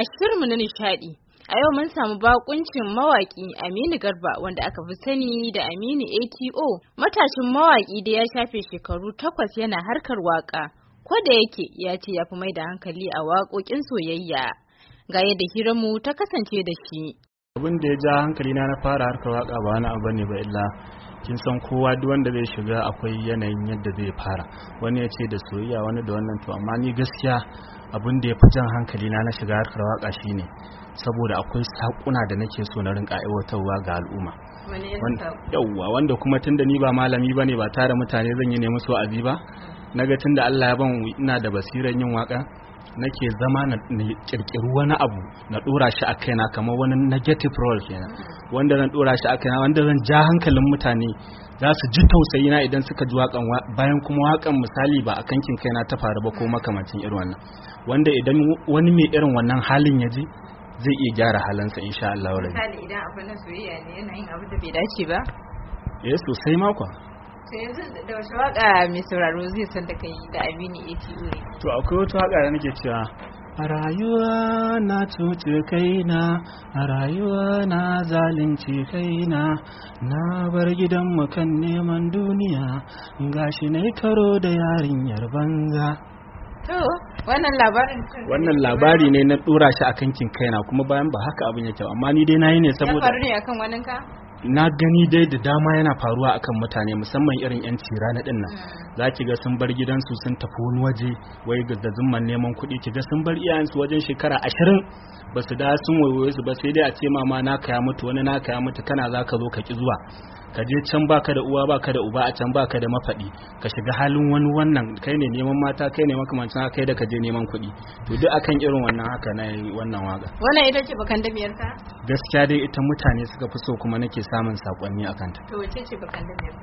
A shirinmu na nishadi, a yau mun samu bakuncin mawaki Aminu Garba wanda aka fi sani da Aminu ATO, matashin mawaki da ya shafe shekaru takwas yana harkar waka. da yake ya ce ya fi mai da hankali a waƙoƙin soyayya. Ga yadda mu ta kasance da shi. Abin da ya ja hankali na na fara harkar waka ba wani abu ne ba illa kin san kowa duk wanda zai shiga akwai yanayin yadda zai fara wani ya ce da soyayya wani da wannan to amma ni gaskiya abin da ya fi jan hankali na na shiga harkar waka shine saboda akwai sakuna da nake so na rinka aiwatarwa ga al'umma yauwa wanda kuma tunda ni ba malami bane ba tare mutane zan yi ne musu abi ba naga tunda Allah ya ban ina da basiran yin waka nake zama na kirkiri wani abu na dora shi a kaina kamar wani negative role kenan wanda na dora shi a kaina wanda zan ja hankalin mutane za su ji tausayi na idan suka ji wakan bayan kuma wakan misali ba a kankin kaina ta faru ba ko makamancin irin wannan wanda idan wani mai irin wannan halin ya ji zai iya gyara halansa insha Allah. Misali idan abin na soyayya ne yana yin abu da bai dace ba? Eh sosai kwa to yanzu da wace waka mai sauraro zai san da kai da Aminu ATU to akwai wata waka da nake cewa a rayuwa na cuce kaina a rayuwa na zalunci kaina na bar gidanmu kan neman duniya gashi na karo da yarinyar banza to wannan labarin wannan labari ne na dora shi a kankin kaina kuma bayan ba haka abin ya kyau amma ni dai na yi ne saboda ya faru ne akan wannan ka na gani dai da dama yana faruwa akan mutane musamman irin yan rana din nan mm. za ki ga sun bar gidansu sun tafi wani waje wai da zumman neman kuɗi ki ga sun bar iyayensu wajen shekara ashirin ba su da sun waiwaye su ba sai dai a ce mama na kaya mutu wani na kaya mutu kana za ka zo ka ki zuwa ka je can baka da uwa baka da uba a can baka da mafaɗi ka shiga halin wani wannan kai ne neman mata kai ne makamancin haka da ka je neman kuɗi to duk akan irin wannan haka na yi wannan waga wannan ita ce bakan dabiyar ka gaskiya dai ita mutane suka fi so kuma nake samun sakonni akan ta to wace ce bakan dabiyar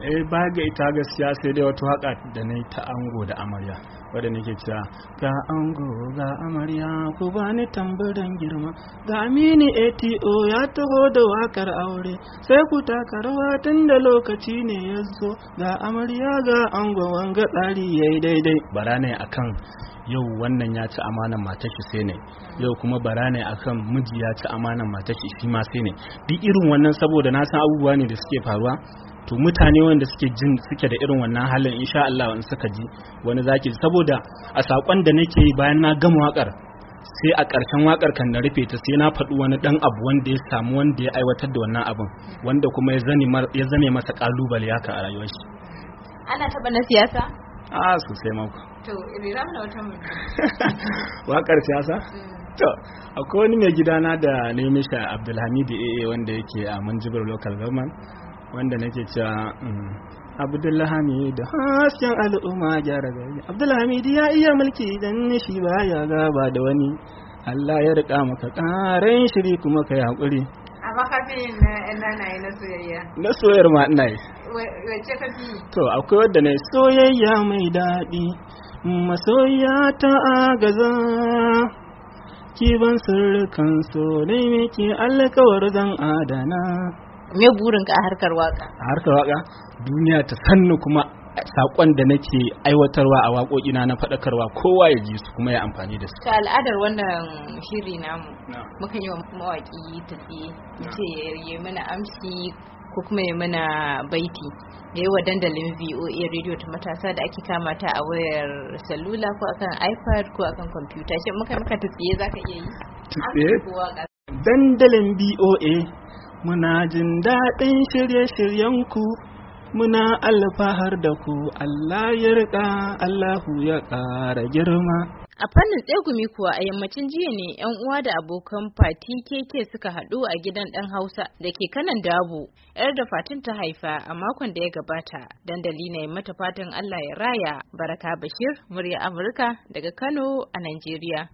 eh ba ga ita gaskiya sai dai wata waka da na ta ango da amarya wadda nake cewa ga ango ga amarya ku ba ni tambarin girma ga mini ato ya taho da wakar aure sai ku taka rawa lokaci ne ya zo ga amarya ga ango wanga tsari yayi daidai bara ne akan yau wannan ya ci amanan matashi sai ne yau kuma bara ne akan miji ya ci amanan matashi shi ma sai ne duk irin wannan saboda na san abubuwa ne da suke faruwa to mutane wanda suke jin suke da irin wannan halin insha Allah in suka ji wani zaki saboda a sakon da nake bayan na gama wakar sai a ƙarshen wakar kan na rufe ta sai na faɗi wani ɗan abu wanda ya samu wanda ya aiwatar da wannan abin wanda kuma ya zame masa ƙalubale haka a rayuwar shi ana taɓa na siyasa a sosai mako to rira na wata mutum wakar siyasa mm. to akwai wani mai gidana da na yi mishi abdulhamidi aa wanda yake a manjibar local government wanda nake cewa mm, Abdullahi da hasken al'umma gyara gari Abdullahi ya iya mulki dan shi ba ya gaba da wani Allah ya rika maka ƙarin shiri kuma ka hakuri amma ka fi ina na na soyayya na soyayyar ma ina yi wace ka fi to akwai wadda na soyayya mai daɗi masoya ta agaza kiban sirrukan so ne miki alkawar zan adana me burin ka a harkar waka a harkar waka duniya ta sannu kuma sakon da nake aiwatarwa a waƙoƙina na faɗakarwa kowa ya ji su kuma ya amfani da su ta al'adar wannan shiri namu muka yi wa mawaƙi tafi ce ya mana amsi ko kuma ya mana baiti da yawa dandalin voa radio ta matasa da ake kama ta a wayar salula ko akan ipad ko akan kwamfuta shi muka maka tafiye za ka iya yi dandalin voa Muna jin daɗin shirye-shiryenku, muna alfahar da ku Allah ya riƙa, Allahu ya ƙara girma. A fannin tsegumi kuwa a yammacin jiya ne 'yan uwa da abokan fati keke suka haɗu a gidan ɗan Hausa da ke kanan dabo, 'yar da fatin ta haifa a makon da ya gabata. Dandali na mata fatan Allah ya raya, Baraka Bashir, murya Amurka daga Kano a Najeriya.